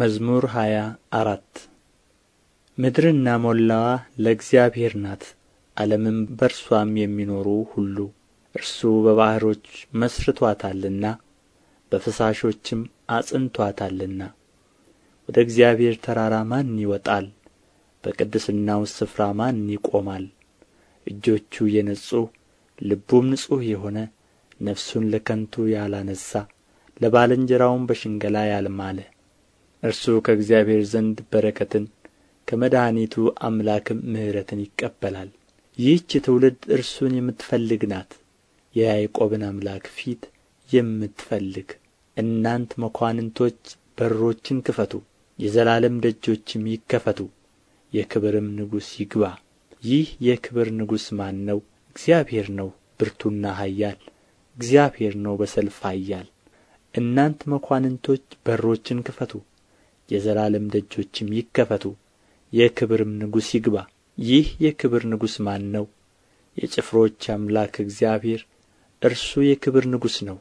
መዝሙር ሃያ አራት ምድርና ሞላዋ ለእግዚአብሔር ናት፣ ዓለምም በርሷም የሚኖሩ ሁሉ። እርሱ በባሕሮች መሥርቶአታልና በፈሳሾችም አጽንቶአታልና። ወደ እግዚአብሔር ተራራ ማን ይወጣል? በቅድስናው ስፍራ ማን ይቆማል? እጆቹ የነጹ ልቡም ንጹሕ የሆነ ነፍሱን ለከንቱ ያላነሣ ለባልንጀራውም በሽንገላ ያልማለ እርሱ ከእግዚአብሔር ዘንድ በረከትን ከመድኃኒቱ አምላክም ምሕረትን ይቀበላል ይህች ትውልድ እርሱን የምትፈልግ ናት የያዕቆብን አምላክ ፊት የምትፈልግ እናንት መኳንንቶች በሮችን ክፈቱ የዘላለም ደጆችም ይከፈቱ የክብርም ንጉሥ ይግባ ይህ የክብር ንጉሥ ማን ነው እግዚአብሔር ነው ብርቱና ኃያል እግዚአብሔር ነው በሰልፍ ኃያል እናንት መኳንንቶች በሮችን ክፈቱ የዘላለም ደጆችም ይከፈቱ የክብርም ንጉሥ ይግባ ይህ የክብር ንጉሥ ማን ነው የጭፍሮች አምላክ እግዚአብሔር እርሱ የክብር ንጉሥ ነው